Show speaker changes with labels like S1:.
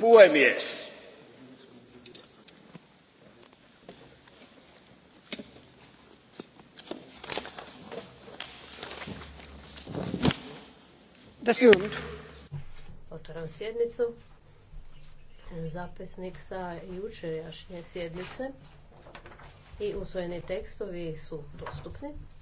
S1: puhemies
S2: Otvaram sjednicu. Zapisnik sa jučerašnje sjednice i usvojeni tekstovi su dostupni.